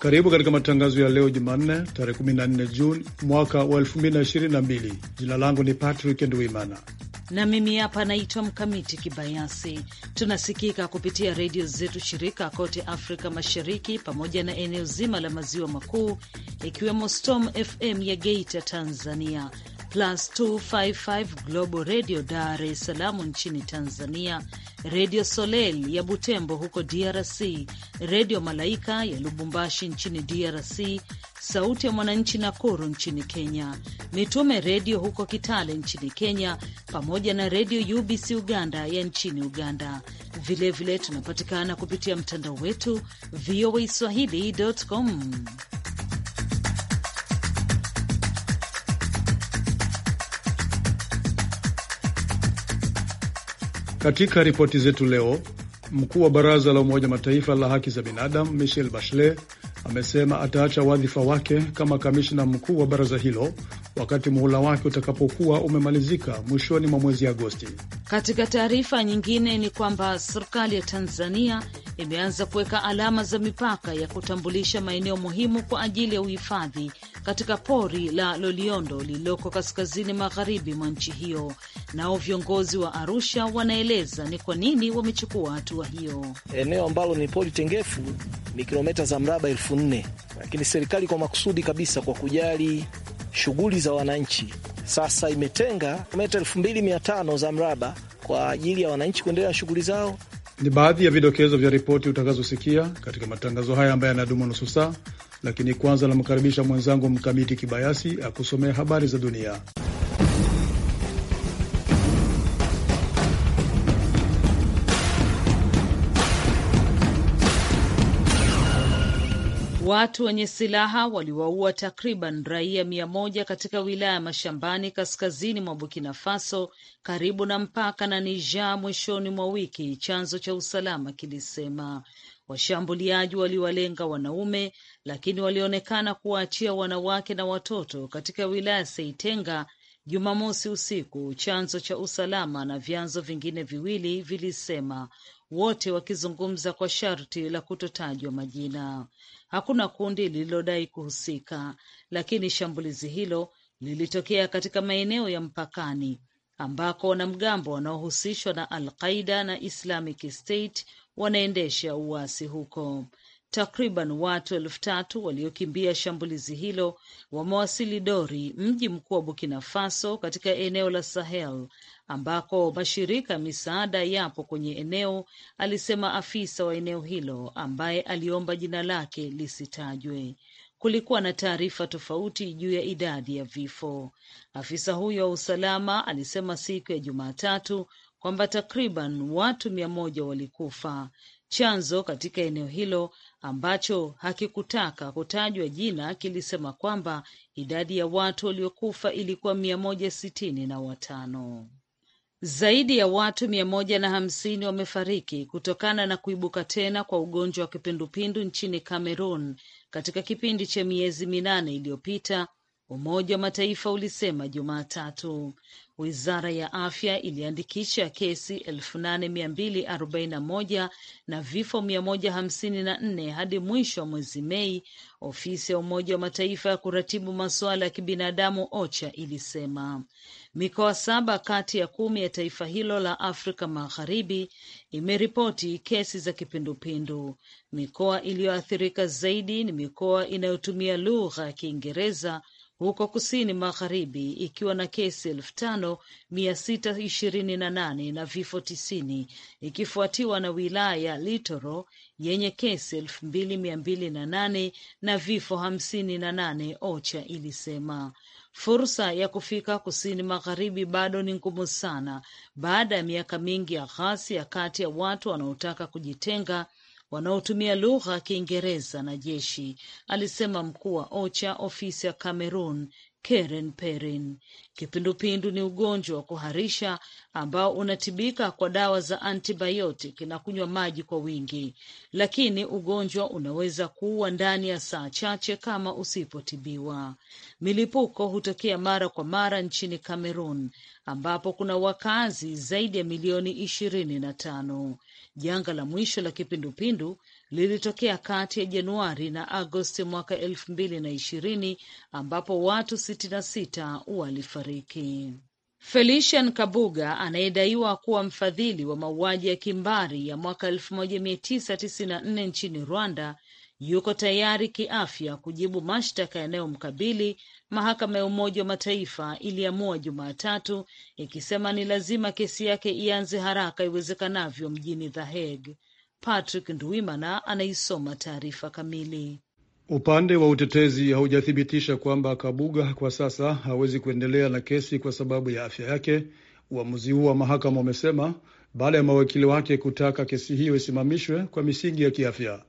Karibu katika matangazo ya leo Jumanne, tarehe 14 Juni mwaka wa 2022. Jina langu ni Patrick Ndwimana na mimi hapa naitwa Mkamiti Kibayasi. Tunasikika kupitia redio zetu shirika kote Afrika Mashariki pamoja na eneo zima la maziwa makuu, ikiwemo Storm FM ya Geita, Tanzania, plus 255 Global Radio Dar es Salaam nchini Tanzania, Redio Soleil ya Butembo huko DRC, Redio Malaika ya Lubumbashi nchini DRC, Sauti ya Mwananchi Nakuru nchini Kenya, Mitume Redio huko Kitale nchini Kenya, pamoja na Redio UBC Uganda ya nchini Uganda. Vilevile tunapatikana kupitia mtandao wetu voa swahili.com. Katika ripoti zetu leo, mkuu wa baraza la Umoja Mataifa la haki za binadamu Michelle Bachelet amesema ataacha wadhifa wake kama kamishna mkuu wa baraza hilo wakati muhula wake utakapokuwa umemalizika mwishoni mwa mwezi Agosti. Katika taarifa nyingine ni kwamba serikali ya Tanzania imeanza kuweka alama za mipaka ya kutambulisha maeneo muhimu kwa ajili ya uhifadhi katika pori la Loliondo lililoko kaskazini magharibi mwa nchi hiyo. Nao viongozi wa Arusha wanaeleza ni kwa nini wamechukua hatua hiyo. Eneo ambalo ni pori tengefu ni kilometa za mraba elfu elfu nne lakini serikali kwa makusudi kabisa, kwa kujali shughuli za wananchi, sasa imetenga meta elfu mbili mia tano za mraba kwa ajili ya wananchi kuendelea na shughuli zao. Ni baadhi ya vidokezo vya ripoti utakazosikia katika matangazo haya ambayo yanadumu nusu saa, lakini kwanza namkaribisha mwenzangu Mkamiti Kibayasi akusomea habari za dunia. Watu wenye silaha waliwaua takriban raia mia moja katika wilaya ya mashambani kaskazini mwa Burkina Faso karibu na mpaka na Niger mwishoni mwa wiki, chanzo cha usalama kilisema. Washambuliaji waliwalenga wanaume, lakini walionekana kuwaachia wanawake na watoto katika wilaya Seitenga Jumamosi usiku, chanzo cha usalama na vyanzo vingine viwili vilisema wote wakizungumza kwa sharti la kutotajwa majina. Hakuna kundi lililodai kuhusika, lakini shambulizi hilo lilitokea katika maeneo ya mpakani ambako wanamgambo wanaohusishwa na Al Qaida na Islamic State wanaendesha uasi huko. Takriban watu elfu tatu waliokimbia shambulizi hilo wamewasili Dori, mji mkuu wa Burkina Faso, katika eneo la Sahel ambako mashirika ya misaada yapo kwenye eneo, alisema afisa wa eneo hilo ambaye aliomba jina lake lisitajwe. Kulikuwa na taarifa tofauti juu ya idadi ya vifo. Afisa huyo wa usalama alisema siku ya Jumatatu kwamba takriban watu mia moja walikufa. Chanzo katika eneo hilo ambacho hakikutaka kutajwa jina kilisema kwamba idadi ya watu waliokufa ilikuwa mia moja sitini na watano. Zaidi ya watu mia moja na hamsini wamefariki kutokana na kuibuka tena kwa ugonjwa wa kipindupindu nchini Cameroon katika kipindi cha miezi minane iliyopita, Umoja wa Mataifa ulisema Jumatatu. Wizara ya afya iliandikisha kesi 8241 na vifo 154 hadi mwisho wa mwezi Mei, ofisi ya Umoja wa Mataifa ya kuratibu masuala ya kibinadamu OCHA ilisema. Mikoa saba kati ya kumi ya taifa hilo la Afrika Magharibi imeripoti kesi za kipindupindu. Mikoa iliyoathirika zaidi ni mikoa inayotumia lugha ya Kiingereza huko kusini magharibi ikiwa na kesi elfu tano mia sita ishirini na nane na vifo tisini ikifuatiwa na wilaya ya Litoro yenye kesi elfu mbili mia mbili na nane na vifo hamsini na nane OCHA ilisema. Fursa ya kufika kusini magharibi bado ni ngumu sana baada ya miaka mingi ya ghasia kati ya watu wanaotaka kujitenga wanaotumia lugha ya Kiingereza na jeshi, alisema mkuu wa OCHA ofisi ya Cameroon karen Perin. Kipindupindu ni ugonjwa wa kuharisha ambao unatibika kwa dawa za antibiotic na kunywa maji kwa wingi, lakini ugonjwa unaweza kuua ndani ya saa chache kama usipotibiwa. Milipuko hutokea mara kwa mara nchini Cameroon ambapo kuna wakazi zaidi ya milioni ishirini na tano. Janga la mwisho la kipindupindu lilitokea kati ya Januari na Agosti mwaka elfu mbili na ishirini ambapo watu sitini na sita walifariki. Felician Kabuga anayedaiwa kuwa mfadhili wa mauaji ya kimbari ya mwaka 1994 nchini Rwanda yuko tayari kiafya kujibu mashtaka yanayomkabili Mahakama ya Umoja wa Mataifa iliamua Jumatatu ikisema ni lazima kesi yake ianze haraka iwezekanavyo mjini The Hague. Patrick Ndwimana anaisoma taarifa kamili. Upande wa utetezi haujathibitisha kwamba Kabuga kwa sasa hawezi kuendelea na kesi kwa sababu ya afya yake. Uamuzi huu wa mahakama umesema baada ya mawakili wake kutaka kesi hiyo isimamishwe kwa misingi ya kiafya.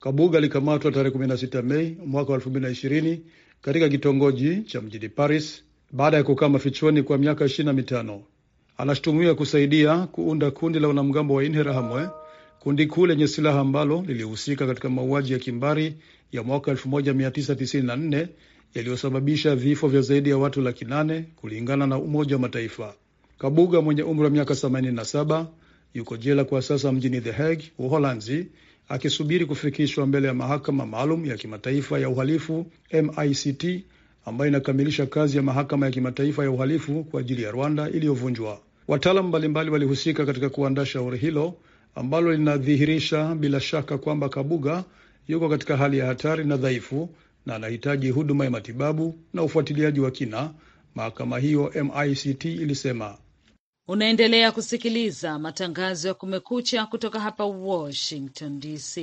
Kabuga alikamatwa tarehe 16 Mei mwaka katika kitongoji cha mjini Paris baada ya kukaa mafichoni kwa miaka ishirini na mitano. Anashutumiwa kusaidia kuunda kundi la wanamgambo wa Interahamwe, kundi kuu lenye silaha ambalo lilihusika katika mauaji ya kimbari ya mwaka 1994 yaliyosababisha vifo vya zaidi ya watu laki nane kulingana na Umoja wa Mataifa. Kabuga mwenye umri wa miaka 87 yuko jela kwa sasa mjini The Hague, Uholanzi akisubiri kufikishwa mbele ya mahakama maalum ya kimataifa ya uhalifu MICT ambayo inakamilisha kazi ya mahakama ya kimataifa ya uhalifu kwa ajili ya Rwanda iliyovunjwa. Wataalamu mbalimbali walihusika katika kuandaa shauri hilo ambalo linadhihirisha bila shaka kwamba Kabuga yuko katika hali ya hatari na dhaifu na anahitaji huduma ya matibabu na ufuatiliaji wa kina, mahakama hiyo MICT ilisema. Unaendelea kusikiliza matangazo ya Kumekucha kutoka hapa Washington DC.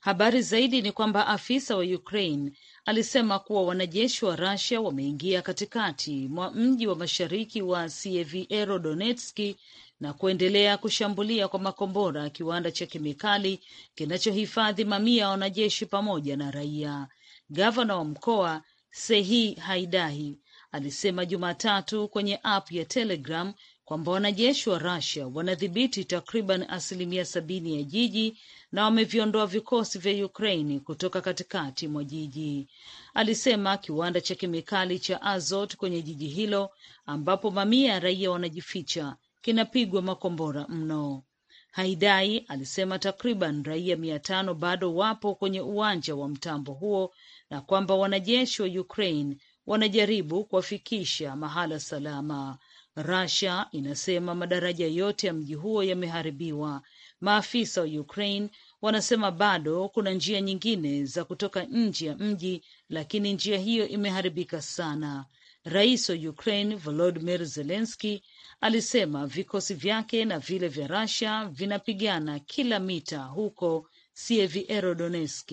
Habari zaidi ni kwamba afisa wa Ukraine alisema kuwa wanajeshi wa rasia wameingia katikati mwa mji wa mashariki wa Sieviero-Donetski na kuendelea kushambulia kwa makombora ya kiwanda cha kemikali kinachohifadhi mamia ya wanajeshi pamoja na raia. Gavana wa mkoa Sehi Haidahi alisema Jumatatu kwenye app ya Telegram kwamba wanajeshi wa Russia wanadhibiti takriban asilimia sabini ya jiji na wameviondoa vikosi vya Ukraine kutoka katikati mwa jiji, alisema. Kiwanda cha kemikali cha Azot kwenye jiji hilo ambapo mamia ya raia wanajificha kinapigwa makombora mno. Haidai alisema takriban raia mia tano bado wapo kwenye uwanja wa mtambo huo na kwamba wanajeshi wa Ukraine wanajaribu kuwafikisha mahala salama. Russia inasema madaraja yote ya mji huo yameharibiwa. Maafisa wa Ukraine wanasema bado kuna njia nyingine za kutoka nje ya mji, lakini njia hiyo imeharibika sana. Rais wa Ukraine Volodymyr Zelensky alisema vikosi vyake na vile vya Russia vinapigana kila mita huko Sievierodonetsk,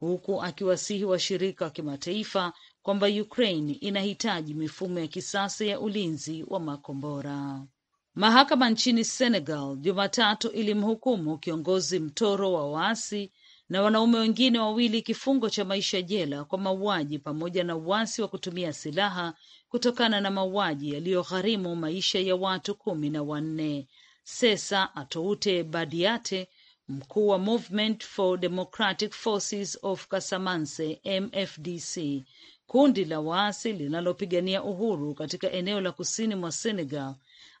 huku akiwasihi washirika wa kimataifa kwamba Ukraine inahitaji mifumo ya kisasa ya ulinzi wa makombora. Mahakama nchini Senegal Jumatatu ilimhukumu kiongozi mtoro wa waasi na wanaume wengine wawili kifungo cha maisha jela kwa mauaji pamoja na uasi wa kutumia silaha kutokana na mauaji yaliyogharimu maisha ya watu kumi na wanne. Sesa Atoute Badiate, mkuu wa Movement for Democratic Forces of Kasamanse MFDC, kundi la waasi linalopigania uhuru katika eneo la kusini mwa Senegal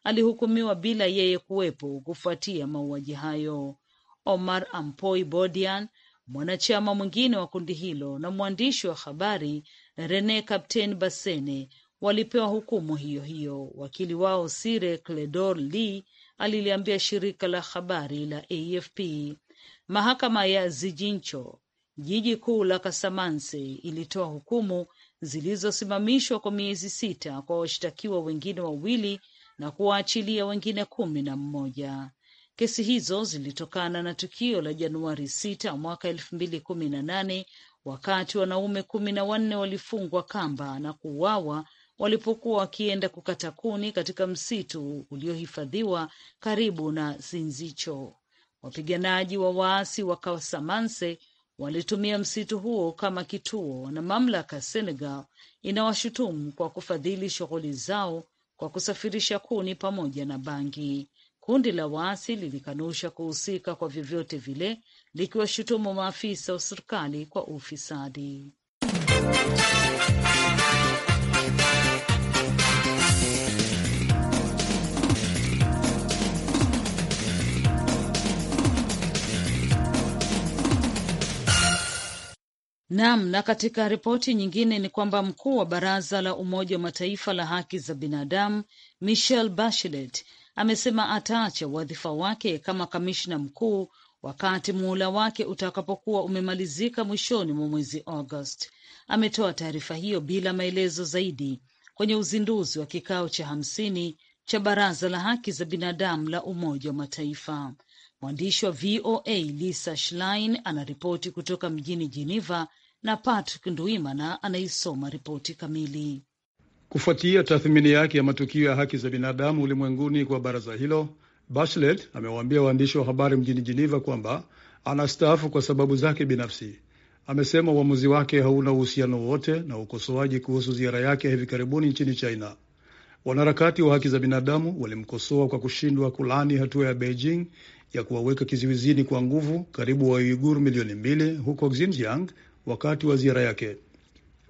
alihukumiwa bila yeye kuwepo kufuatia mauaji hayo. Omar Ampoi Bodian, mwanachama mwingine wa kundi hilo, na mwandishi wa habari Rene Captain Bassene walipewa hukumu hiyo hiyo. Wakili wao Sire Cledor Lee aliliambia shirika la habari la AFP mahakama ya Zijincho, jiji kuu la Kasamanse, ilitoa hukumu zilizosimamishwa kwa miezi sita kwa washtakiwa wengine wawili na kuwaachilia wengine kumi na mmoja. Kesi hizo zilitokana na tukio la Januari sita mwaka elfu mbili kumi na nane wakati wanaume kumi na wanne walifungwa kamba na kuuawa walipokuwa wakienda kukata kuni katika msitu uliohifadhiwa karibu na Zinzicho. Wapiganaji wa waasi wa Kasamanse walitumia msitu huo kama kituo na mamlaka ya Senegal inawashutumu kwa kufadhili shughuli zao kwa kusafirisha kuni pamoja na bangi. Kundi la waasi lilikanusha kuhusika kwa vyovyote vile, likiwashutumu maafisa wa serikali kwa ufisadi. Naam, na katika ripoti nyingine ni kwamba mkuu wa baraza la Umoja wa Mataifa la haki za binadamu Michelle Bachelet amesema ataacha wadhifa wake kama kamishna mkuu wakati muhula wake utakapokuwa umemalizika mwishoni mwa mwezi Agosti. Ametoa taarifa hiyo bila maelezo zaidi kwenye uzinduzi wa kikao cha hamsini cha Baraza la Haki za Binadamu la Umoja wa Mataifa. Mwandishi wa VOA Lisa Schlein anaripoti kutoka mjini Geneva na Patrick Nduimana anaisoma ripoti kamili. Kufuatia tathmini yake ya matukio ya haki za binadamu ulimwenguni kwa baraza hilo, Bachelet amewaambia waandishi wa habari mjini Geneva kwamba anastaafu kwa sababu zake binafsi. Amesema uamuzi wake hauna uhusiano wowote na ukosoaji kuhusu ziara yake ya hivi karibuni nchini China. Wanaharakati wa haki za binadamu walimkosoa kwa kushindwa kulani hatua ya Beijing ya kuwaweka kizuizini kwa nguvu karibu wa milioni mbili huko Xinjiang wakati wa ziara yake.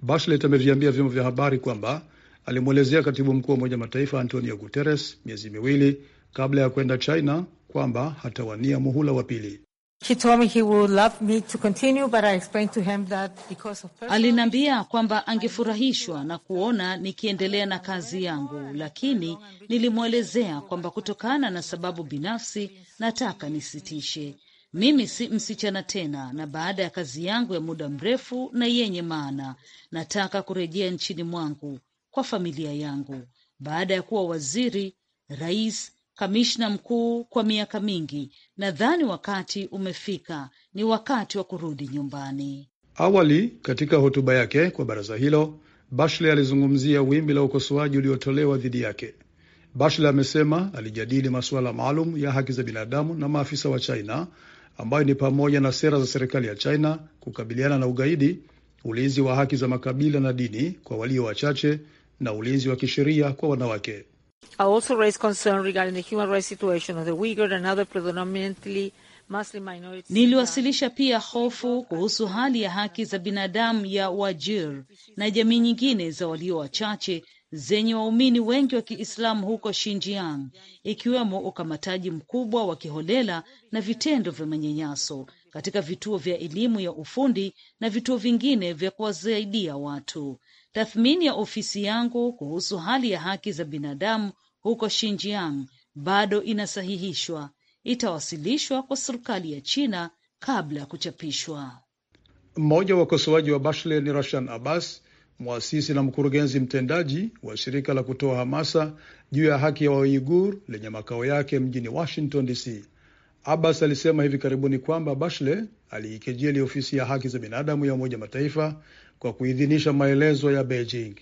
Bachelet ameviambia vyombo vya habari kwamba alimwelezea katibu mkuu wa Umoja Mataifa Antonio Guterres miezi miwili kabla ya kwenda China kwamba hatawania muhula wa pili. Aliniambia kwamba angefurahishwa na kuona nikiendelea na kazi yangu, lakini nilimwelezea kwamba kutokana na sababu binafsi nataka nisitishe. Mimi si msichana tena, na baada ya kazi yangu ya muda mrefu na yenye maana, nataka kurejea nchini mwangu kwa familia yangu. Baada ya kuwa waziri, rais kamishna mkuu kwa miaka mingi, nadhani wakati umefika, ni wakati wa kurudi nyumbani. Awali katika hotuba yake kwa baraza hilo, Bashle alizungumzia wimbi la ukosoaji uliotolewa dhidi yake. Bashle amesema alijadili masuala maalum ya haki za binadamu na maafisa wa China ambayo ni pamoja na sera za serikali ya China kukabiliana na ugaidi, ulinzi wa haki za makabila na dini kwa walio wachache na ulinzi wa kisheria kwa wanawake. I also raised concern regarding the human rights situation of the Uyghur and other predominantly Muslim minorities. Niliwasilisha pia hofu kuhusu hali ya haki za binadamu ya Wajir na jamii nyingine za walio wachache zenye waumini wengi wa Kiislamu huko Xinjiang, ikiwemo ukamataji mkubwa wa kiholela na vitendo vya manyanyaso katika vituo vya elimu ya ufundi na vituo vingine vya kuwasaidia watu. Tathmini ya ofisi yangu kuhusu hali ya haki za binadamu huko Xinjiang bado inasahihishwa, itawasilishwa kwa serikali ya China kabla ya kuchapishwa. Mmoja wa wakosoaji wa bashle ni Rashan Abbas, mwasisi na mkurugenzi mtendaji wa shirika la kutoa hamasa juu ya haki ya Waigur lenye makao yake mjini Washington DC. Abbas alisema hivi karibuni kwamba bashle aliikejeli ofisi ya haki za binadamu ya Umoja Mataifa kwa kuidhinisha maelezo ya Beijing.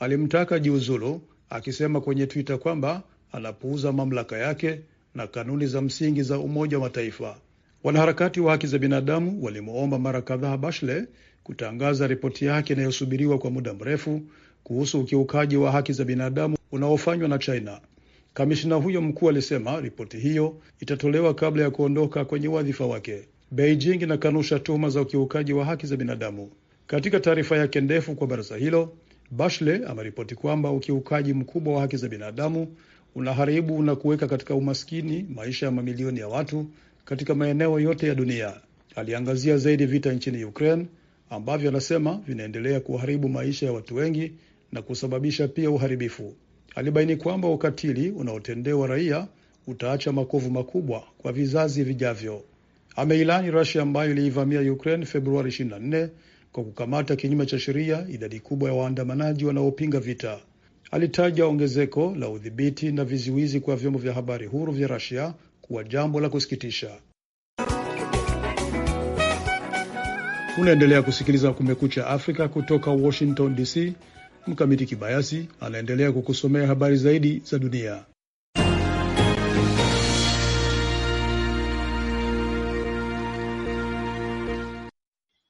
Alimtaka jiuzulu akisema kwenye Twitter kwamba anapuuza mamlaka yake na kanuni za msingi za Umoja wa Mataifa. Wanaharakati wa haki za binadamu walimwomba mara kadhaa bashle kutangaza ripoti yake inayosubiriwa kwa muda mrefu kuhusu ukiukaji wa haki za binadamu unaofanywa na China. Kamishina huyo mkuu alisema ripoti hiyo itatolewa kabla ya kuondoka kwenye wadhifa wake. Beijing inakanusha tuhuma za ukiukaji wa haki za binadamu. Katika taarifa yake ndefu kwa baraza hilo, Bashle ameripoti kwamba ukiukaji mkubwa wa haki za binadamu unaharibu na kuweka katika umaskini maisha ya mamilioni ya watu katika maeneo yote ya dunia. Aliangazia zaidi vita nchini Ukraine ambavyo anasema vinaendelea kuharibu maisha ya watu wengi na kusababisha pia uharibifu. Alibaini kwamba ukatili unaotendewa raia utaacha makovu makubwa kwa vizazi vijavyo. Ameilani rasia ambayo iliivamia Ukraine Februari 24 kwa kukamata kinyume cha sheria idadi kubwa ya waandamanaji wanaopinga vita. Alitaja ongezeko la udhibiti na vizuizi kwa vyombo vya habari huru vya rasia kuwa jambo la kusikitisha. Unaendelea kusikiliza Kumekucha Afrika kutoka Washington DC. Mkamiti Kibayasi anaendelea kukusomea habari zaidi za dunia.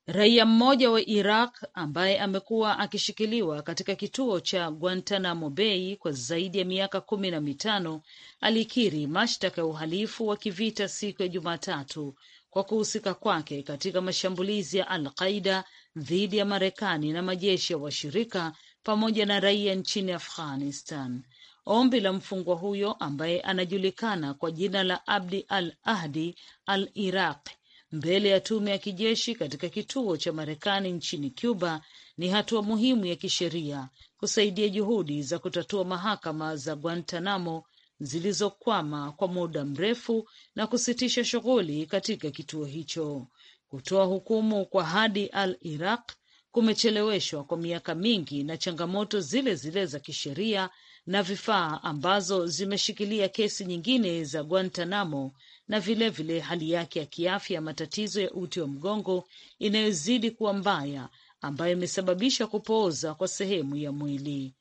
Raia mmoja wa Iraq ambaye amekuwa akishikiliwa katika kituo cha Guantanamo Bay kwa zaidi ya miaka kumi na mitano alikiri mashtaka ya uhalifu wa kivita siku ya Jumatatu kwa kuhusika kwake katika mashambulizi ya Al Qaida dhidi ya Marekani na majeshi ya washirika pamoja na raia nchini Afghanistan. Ombi la mfungwa huyo ambaye anajulikana kwa jina la Abdi al Ahdi al iraq mbele ya tume ya kijeshi katika kituo cha Marekani nchini Cuba ni hatua muhimu ya kisheria kusaidia juhudi za kutatua mahakama za Guantanamo zilizokwama kwa muda mrefu na kusitisha shughuli katika kituo hicho. Kutoa hukumu kwa Hadi al Iraq kumecheleweshwa kwa miaka mingi na changamoto zile zile za kisheria na vifaa ambazo zimeshikilia kesi nyingine za Guantanamo na vilevile vile hali yake ya kiafya ya matatizo ya uti wa mgongo inayozidi kuwa mbaya ambayo imesababisha kupooza kwa sehemu ya mwili.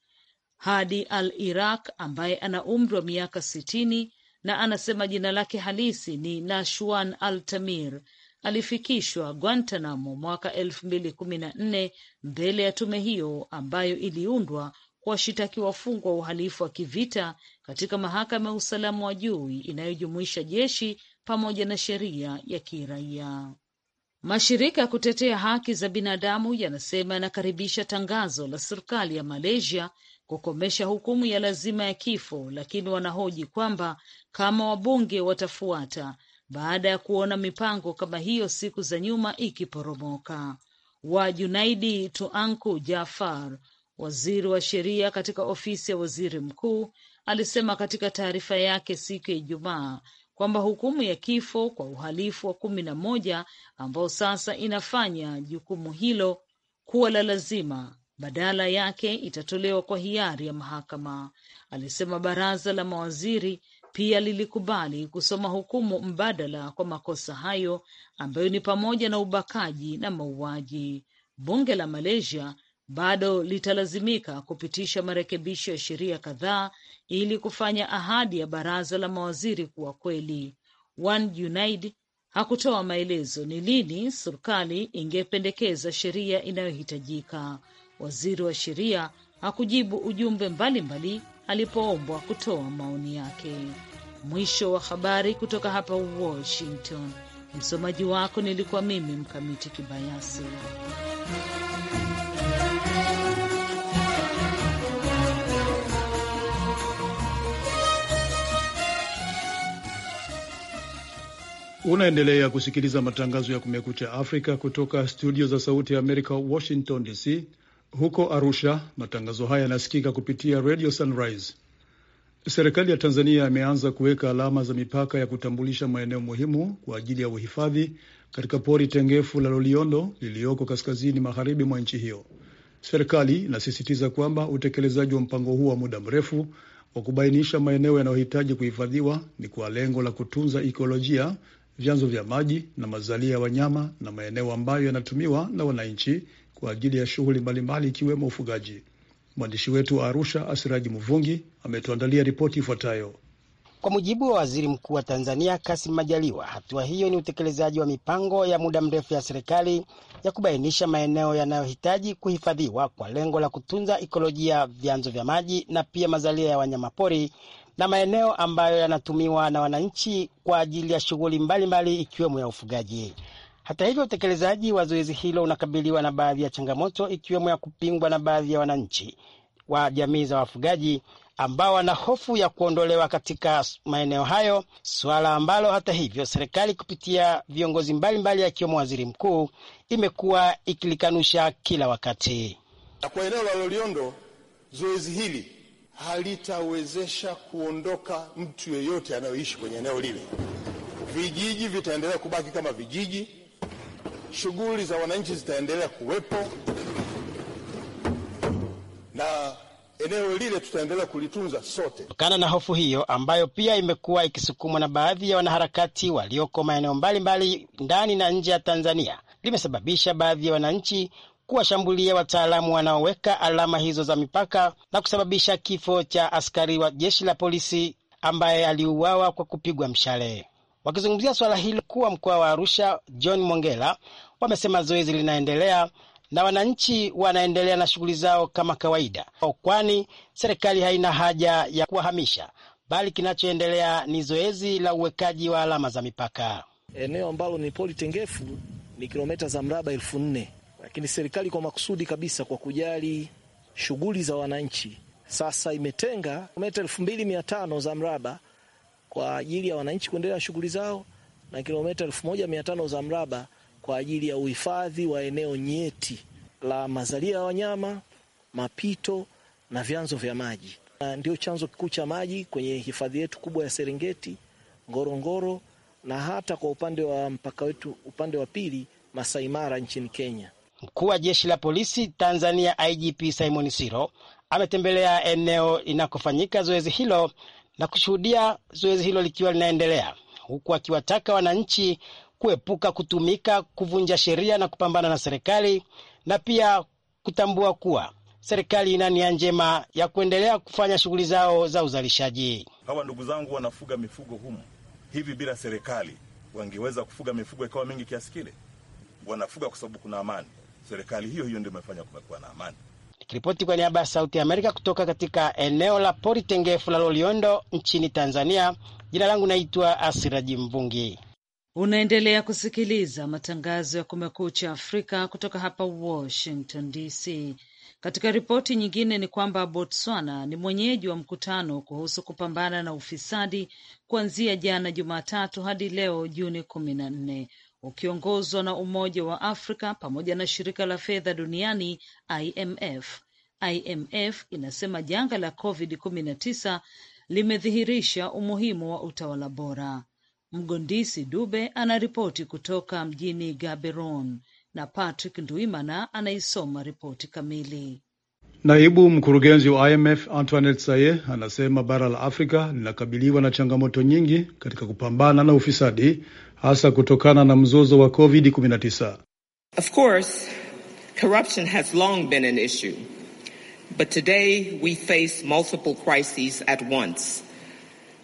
Hadi al-Iraq ambaye ana umri wa miaka sitini na anasema jina lake halisi ni Nashwan al-Tamir alifikishwa Guantanamo mwaka elfu mbili kumi na nne mbele ya tume hiyo ambayo iliundwa kuwashitaki wafungwa wa uhalifu wa kivita katika mahakama ya usalama wa juu inayojumuisha jeshi pamoja na sheria ya kiraia. Mashirika ya kutetea haki za binadamu yanasema yanakaribisha tangazo la serikali ya Malaysia kukomesha hukumu ya lazima ya kifo, lakini wanahoji kwamba kama wabunge watafuata baada ya kuona mipango kama hiyo siku za nyuma ikiporomoka. Wajunaidi Tuanku Jafar, waziri wa sheria katika ofisi ya waziri mkuu, alisema katika taarifa yake siku ya Ijumaa kwamba hukumu ya kifo kwa uhalifu wa kumi na moja ambao sasa inafanya jukumu hilo kuwa la lazima badala yake itatolewa kwa hiari ya mahakama. Alisema baraza la mawaziri pia lilikubali kusoma hukumu mbadala kwa makosa hayo ambayo ni pamoja na ubakaji na mauaji. Bunge la Malaysia bado litalazimika kupitisha marekebisho ya sheria kadhaa ili kufanya ahadi ya baraza la mawaziri kuwa kweli. Wan hakutoa maelezo ni lini serikali ingependekeza sheria inayohitajika. Waziri wa sheria hakujibu ujumbe mbalimbali alipoombwa kutoa maoni yake. Mwisho wa habari kutoka hapa Washington. Msomaji wako nilikuwa mimi Mkamiti Kibayasi. Unaendelea kusikiliza matangazo ya Kumekucha Afrika kutoka studio za Sauti ya Amerika, Washington DC. Huko Arusha, matangazo haya yanasikika kupitia Radio Sunrise. Serikali ya Tanzania imeanza kuweka alama za mipaka ya kutambulisha maeneo muhimu kwa ajili ya uhifadhi katika pori tengefu la Loliondo liliyoko kaskazini magharibi mwa nchi hiyo. Serikali inasisitiza kwamba utekelezaji wa mpango huu wa muda mrefu wa kubainisha maeneo yanayohitaji kuhifadhiwa ni kwa lengo la kutunza ikolojia, vyanzo vya maji na mazalia ya wanyama na maeneo ambayo yanatumiwa na wananchi kwa ajili ya shughuli mbalimbali ikiwemo ufugaji. Mwandishi wetu wa Arusha, Asiraji Mvungi, ametuandalia ripoti ifuatayo. Kwa mujibu wa waziri mkuu wa Tanzania Kasim Majaliwa, hatua hiyo ni utekelezaji wa mipango ya muda mrefu ya serikali ya kubainisha maeneo yanayohitaji kuhifadhiwa kwa lengo la kutunza ikolojia, vyanzo vya maji na pia mazalia ya wanyamapori na maeneo ambayo yanatumiwa na wananchi kwa ajili ya shughuli mbalimbali ikiwemo ya ufugaji. Hata hivyo, utekelezaji wa zoezi hilo unakabiliwa na baadhi ya changamoto, ikiwemo ya kupingwa na baadhi ya wananchi wa jamii za wafugaji ambao wana hofu ya kuondolewa katika maeneo hayo, suala ambalo hata hivyo serikali kupitia viongozi mbalimbali akiwemo waziri mkuu imekuwa ikilikanusha kila wakati. Na kwa eneo la Loliondo, zoezi hili halitawezesha kuondoka mtu yeyote anayoishi kwenye eneo lile. Vijiji vitaendelea kubaki kama vijiji shughuli za wananchi zitaendelea kuwepo na eneo lile tutaendelea kulitunza sote. Kutokana na hofu hiyo ambayo pia imekuwa ikisukumwa na baadhi ya wanaharakati walioko maeneo mbalimbali ndani na nje ya Tanzania, limesababisha baadhi ya wananchi kuwashambulia wataalamu wanaoweka alama hizo za mipaka na kusababisha kifo cha askari wa jeshi la polisi ambaye aliuawa kwa kupigwa mshale. Wakizungumzia suala hilo, wa mkoa wa Arusha John Mongela wamesema zoezi linaendelea na wananchi wanaendelea na shughuli zao kama kawaida, kwani serikali haina haja ya kuwahamisha, bali kinachoendelea ni zoezi la uwekaji wa alama za mipaka. Eneo ambalo ni poli tengefu ni kilomita za mraba elfu nne lakini serikali kwa makusudi kabisa, kwa kujali shughuli za wananchi, sasa imetenga kilomita elfu mbili mia tano za mraba kwa ajili ya wananchi kuendelea shughuli zao na kilomita tano za mraba kwa ajili ya uhifadhi wa eneo nyeti la mazalia ya wanyama, mapito na vyanzo vya maji. Na ndio chanzo kikuu cha maji kwenye hifadhi yetu kubwa ya Serengeti, Ngorongoro na hata kwa upande wa mpaka wetu upande wa pili Masai Mara nchini Kenya. Mkuu wa Jeshi la Polisi Tanzania, IGP Simon Siro, ametembelea eneo linakofanyika zoezi hilo na kushuhudia zoezi hilo likiwa linaendelea huku akiwataka wananchi kuepuka kutumika kuvunja sheria na kupambana na serikali na pia kutambua kuwa serikali ina nia njema ya kuendelea kufanya shughuli zao za uzalishaji. Hawa ndugu zangu wanafuga mifugo humu hivi, bila serikali wangeweza kufuga mifugo ikawa mingi kiasi kile? Wanafuga kwa sababu kuna amani. Serikali hiyo hiyo ndio imefanya kumekuwa na amani. Nikiripoti kwa niaba ya Sauti ya Amerika kutoka katika eneo la pori tengefu la Loliondo nchini Tanzania, jina langu naitwa Asiraji Mvungi. Unaendelea kusikiliza matangazo ya Kumekucha Afrika kutoka hapa Washington DC. Katika ripoti nyingine ni kwamba Botswana ni mwenyeji wa mkutano kuhusu kupambana na ufisadi kuanzia jana Jumatatu hadi leo Juni kumi na nne ukiongozwa na Umoja wa Afrika pamoja na Shirika la Fedha Duniani IMF. IMF inasema janga la COVID-19 limedhihirisha umuhimu wa utawala bora. Mgondisi Dube anaripoti kutoka mjini Gaborone na Patrick Nduimana anaisoma ripoti kamili. Naibu mkurugenzi wa IMF Antoinette Saye anasema bara la Afrika linakabiliwa na changamoto nyingi katika kupambana na ufisadi hasa kutokana na mzozo wa COVID-19. Of course, corruption has long been an issue. But today we face multiple crises at once.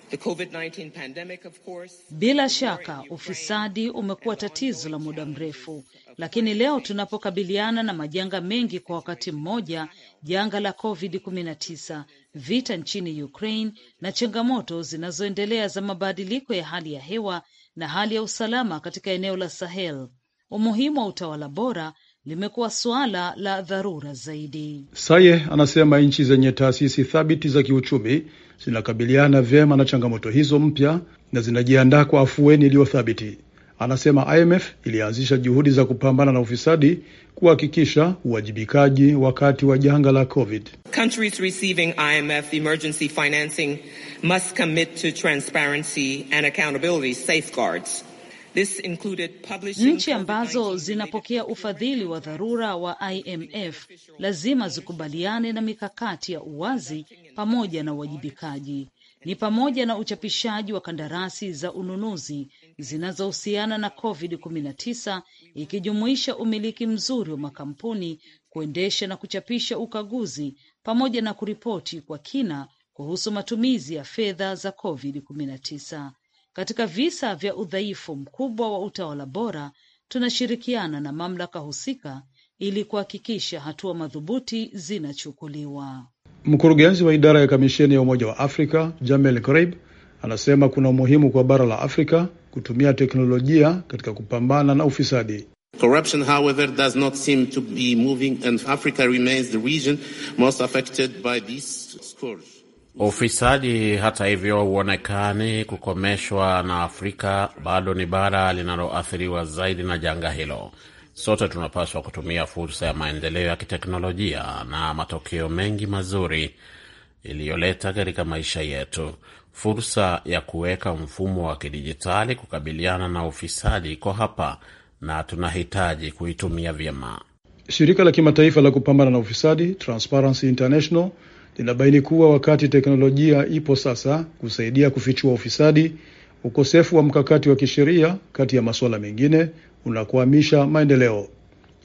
The COVID-19 pandemic, of course. Bila shaka ufisadi umekuwa tatizo la muda mrefu lakini leo tunapokabiliana na majanga mengi kwa wakati mmoja, janga la COVID-19, vita nchini Ukraine na changamoto zinazoendelea za mabadiliko ya hali ya hewa na hali ya usalama katika eneo la Sahel, umuhimu wa utawala bora limekuwa suala la dharura zaidi. Saye anasema nchi zenye taasisi thabiti za kiuchumi zinakabiliana vyema na changamoto hizo mpya na zinajiandaa kwa afueni iliyothabiti. Anasema IMF ilianzisha juhudi za kupambana na ufisadi kuhakikisha uwajibikaji wakati wa janga la COVID. Countries receiving IMF emergency financing must commit to transparency and accountability safeguards. This included publishing... Nchi ambazo zinapokea ufadhili wa dharura wa IMF lazima zikubaliane na mikakati ya uwazi pamoja na uwajibikaji, ni pamoja na uchapishaji wa kandarasi za ununuzi zinazohusiana na COVID-19 ikijumuisha umiliki mzuri wa makampuni, kuendesha na kuchapisha ukaguzi, pamoja na kuripoti kwa kina kuhusu matumizi ya fedha za COVID-19. Katika visa vya udhaifu mkubwa wa utawala bora, tunashirikiana na mamlaka husika ili kuhakikisha hatua madhubuti zinachukuliwa. Mkurugenzi wa idara ya kamisheni ya Umoja wa Afrika Jamel Greib anasema kuna umuhimu kwa bara la Afrika kutumia teknolojia katika kupambana na ufisadi. Corruption, however, does not seem to be moving and Africa remains the region most affected by this scourge. Ufisadi hata hivyo huonekani kukomeshwa na Afrika bado ni bara linaloathiriwa zaidi na janga hilo. Sote tunapaswa kutumia fursa ya maendeleo ya kiteknolojia na matokeo mengi mazuri iliyoleta katika maisha yetu fursa ya kuweka mfumo wa kidijitali kukabiliana na ufisadi iko hapa na tunahitaji kuitumia vyema. Shirika la kimataifa la kupambana na ufisadi Transparency International linabaini kuwa wakati teknolojia ipo sasa kusaidia kufichua ufisadi, ukosefu wa mkakati wa kisheria, kati ya masuala mengine, unakwamisha maendeleo.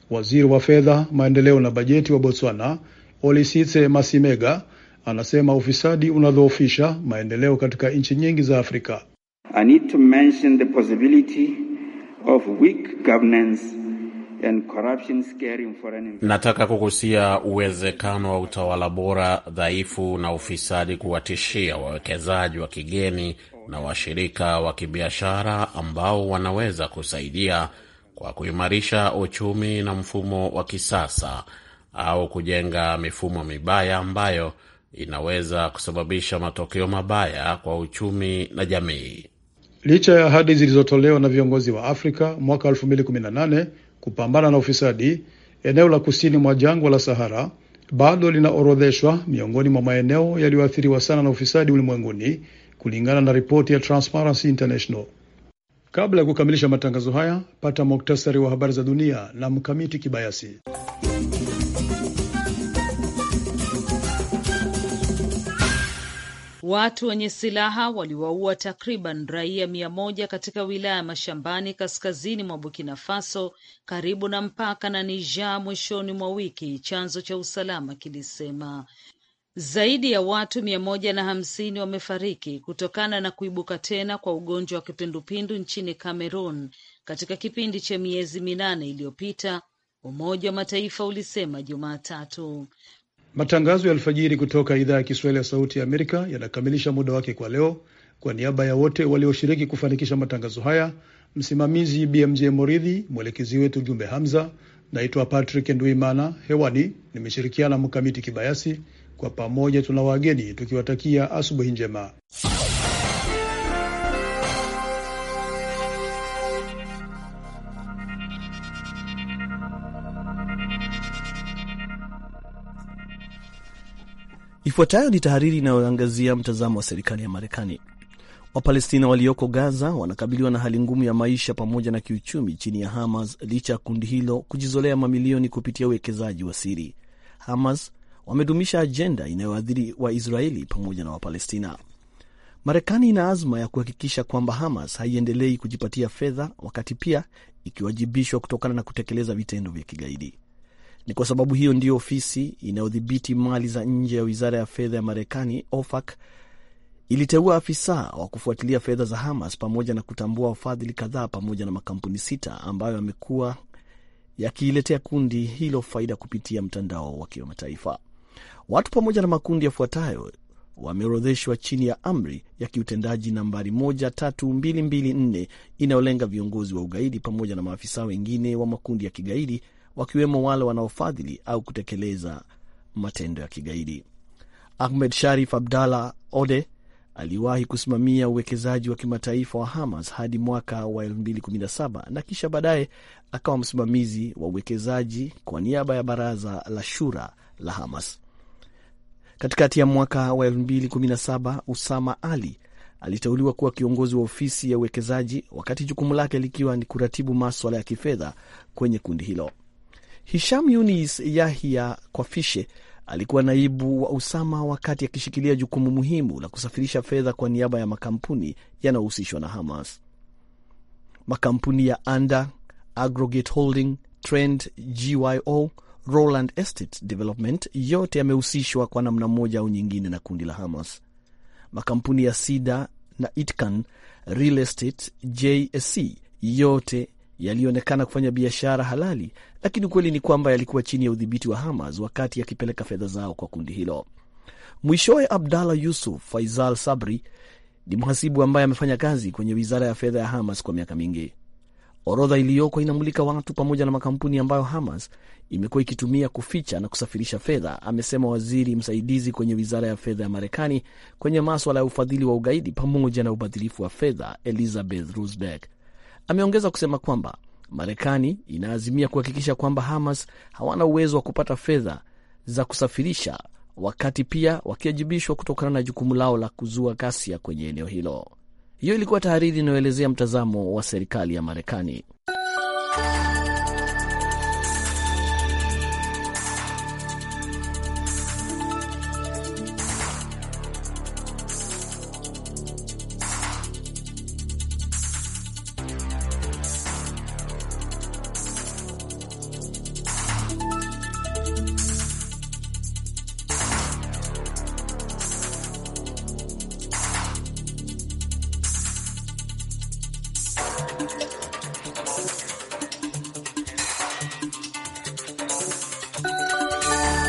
Waziri wa fedha, maendeleo na bajeti wa Botswana Olisitse Masimega Anasema ufisadi unadhoofisha maendeleo katika nchi nyingi za Afrika. I need to mention the possibility of weak governance and corruption scaring foreign. Nataka kugusia uwezekano wa utawala bora dhaifu na ufisadi kuwatishia wawekezaji wa kigeni na washirika wa kibiashara ambao wanaweza kusaidia kwa kuimarisha uchumi na mfumo wa kisasa au kujenga mifumo mibaya ambayo inaweza kusababisha matokeo mabaya kwa uchumi na jamii. Licha ya ahadi zilizotolewa na viongozi wa Afrika mwaka 2018 kupambana na ufisadi, eneo la kusini mwa jangwa la Sahara bado linaorodheshwa miongoni mwa maeneo yaliyoathiriwa sana na ufisadi ulimwenguni kulingana na ripoti ya Transparency International. Kabla ya kukamilisha matangazo haya, pata muktasari wa habari za dunia na Mkamiti Kibayasi. Watu wenye silaha waliwaua takriban raia mia moja katika wilaya ya mashambani kaskazini mwa Burkina Faso karibu na mpaka na Niger mwishoni mwa wiki, chanzo cha usalama kilisema. Zaidi ya watu mia moja na hamsini wamefariki kutokana na kuibuka tena kwa ugonjwa wa kipindupindu nchini Cameroon katika kipindi cha miezi minane iliyopita, Umoja wa Mataifa ulisema Jumatatu. Matangazo ya alfajiri kutoka idhaa ya Kiswahili ya Sauti ya Amerika yanakamilisha muda wake kwa leo. Kwa niaba ya wote walioshiriki kufanikisha matangazo haya, msimamizi BMJ Moridhi, mwelekezi wetu Jumbe Hamza. Naitwa Patrick nduimana hewani nimeshirikiana Mkamiti Kibayasi. Kwa pamoja tuna wageni tukiwatakia asubuhi njema. Ifuatayo ni tahariri inayoangazia mtazamo wa serikali ya Marekani. Wapalestina walioko Gaza wanakabiliwa na hali ngumu ya maisha pamoja na kiuchumi chini ya Hamas licha ya kundi hilo kujizolea mamilioni kupitia uwekezaji wa siri. Hamas wamedumisha ajenda inayoathiri Waisraeli pamoja na Wapalestina. Marekani ina azma ya kuhakikisha kwamba Hamas haiendelei kujipatia fedha, wakati pia ikiwajibishwa kutokana na kutekeleza vitendo vya kigaidi. Ni kwa sababu hiyo ndiyo ofisi inayodhibiti mali za nje ya wizara ya fedha ya Marekani, OFAC, iliteua afisa wa kufuatilia fedha za Hamas pamoja na kutambua wafadhili kadhaa pamoja na makampuni sita ambayo yamekuwa yakiiletea kundi hilo faida kupitia mtandao wa kimataifa. Watu pamoja na makundi yafuatayo wameorodheshwa chini ya amri ya kiutendaji nambari 13224 inayolenga viongozi wa ugaidi pamoja na maafisa wengine wa makundi ya kigaidi wakiwemo wale wanaofadhili au kutekeleza matendo ya kigaidi. Ahmed Sharif Abdallah Ode aliwahi kusimamia uwekezaji wa kimataifa wa Hamas hadi mwaka wa 2017 na kisha baadaye akawa msimamizi wa uwekezaji kwa niaba ya baraza la shura la Hamas. Katikati ya mwaka wa 2017 Usama Ali aliteuliwa kuwa kiongozi wa ofisi ya uwekezaji, wakati jukumu lake likiwa ni kuratibu maswala ya kifedha kwenye kundi hilo. Hisham Yunis Yahya Kwafishe alikuwa naibu wa Usama wakati akishikilia jukumu muhimu la kusafirisha fedha kwa niaba ya makampuni yanayohusishwa na Hamas. Makampuni ya Anda, Agrogate Holding, Trend, GYO, Roland Estate Development yote yamehusishwa kwa namna moja au nyingine na kundi la Hamas. Makampuni ya Sida na Itkan Real Estate, JSC yote yaliyoonekana kufanya biashara halali, lakini ukweli ni kwamba yalikuwa chini ya udhibiti wa Hamas wakati yakipeleka fedha zao kwa kundi hilo. Mwishowe, Abdallah Yusuf Faizal Sabri ni mhasibu ambaye amefanya kazi kwenye wizara ya fedha ya Hamas kwa miaka mingi. Orodha iliyoko inamulika watu pamoja na makampuni ambayo Hamas imekuwa ikitumia kuficha na kusafirisha fedha, amesema waziri msaidizi kwenye wizara ya fedha ya Marekani kwenye maswala ya ufadhili wa ugaidi pamoja na ubadhilifu wa fedha Elizabeth Roosberg. Ameongeza kusema kwamba Marekani inaazimia kuhakikisha kwamba Hamas hawana uwezo wa kupata fedha za kusafirisha, wakati pia wakiajibishwa kutokana na jukumu lao la kuzua ghasia kwenye eneo hilo. Hiyo ilikuwa tahariri inayoelezea mtazamo wa serikali ya Marekani.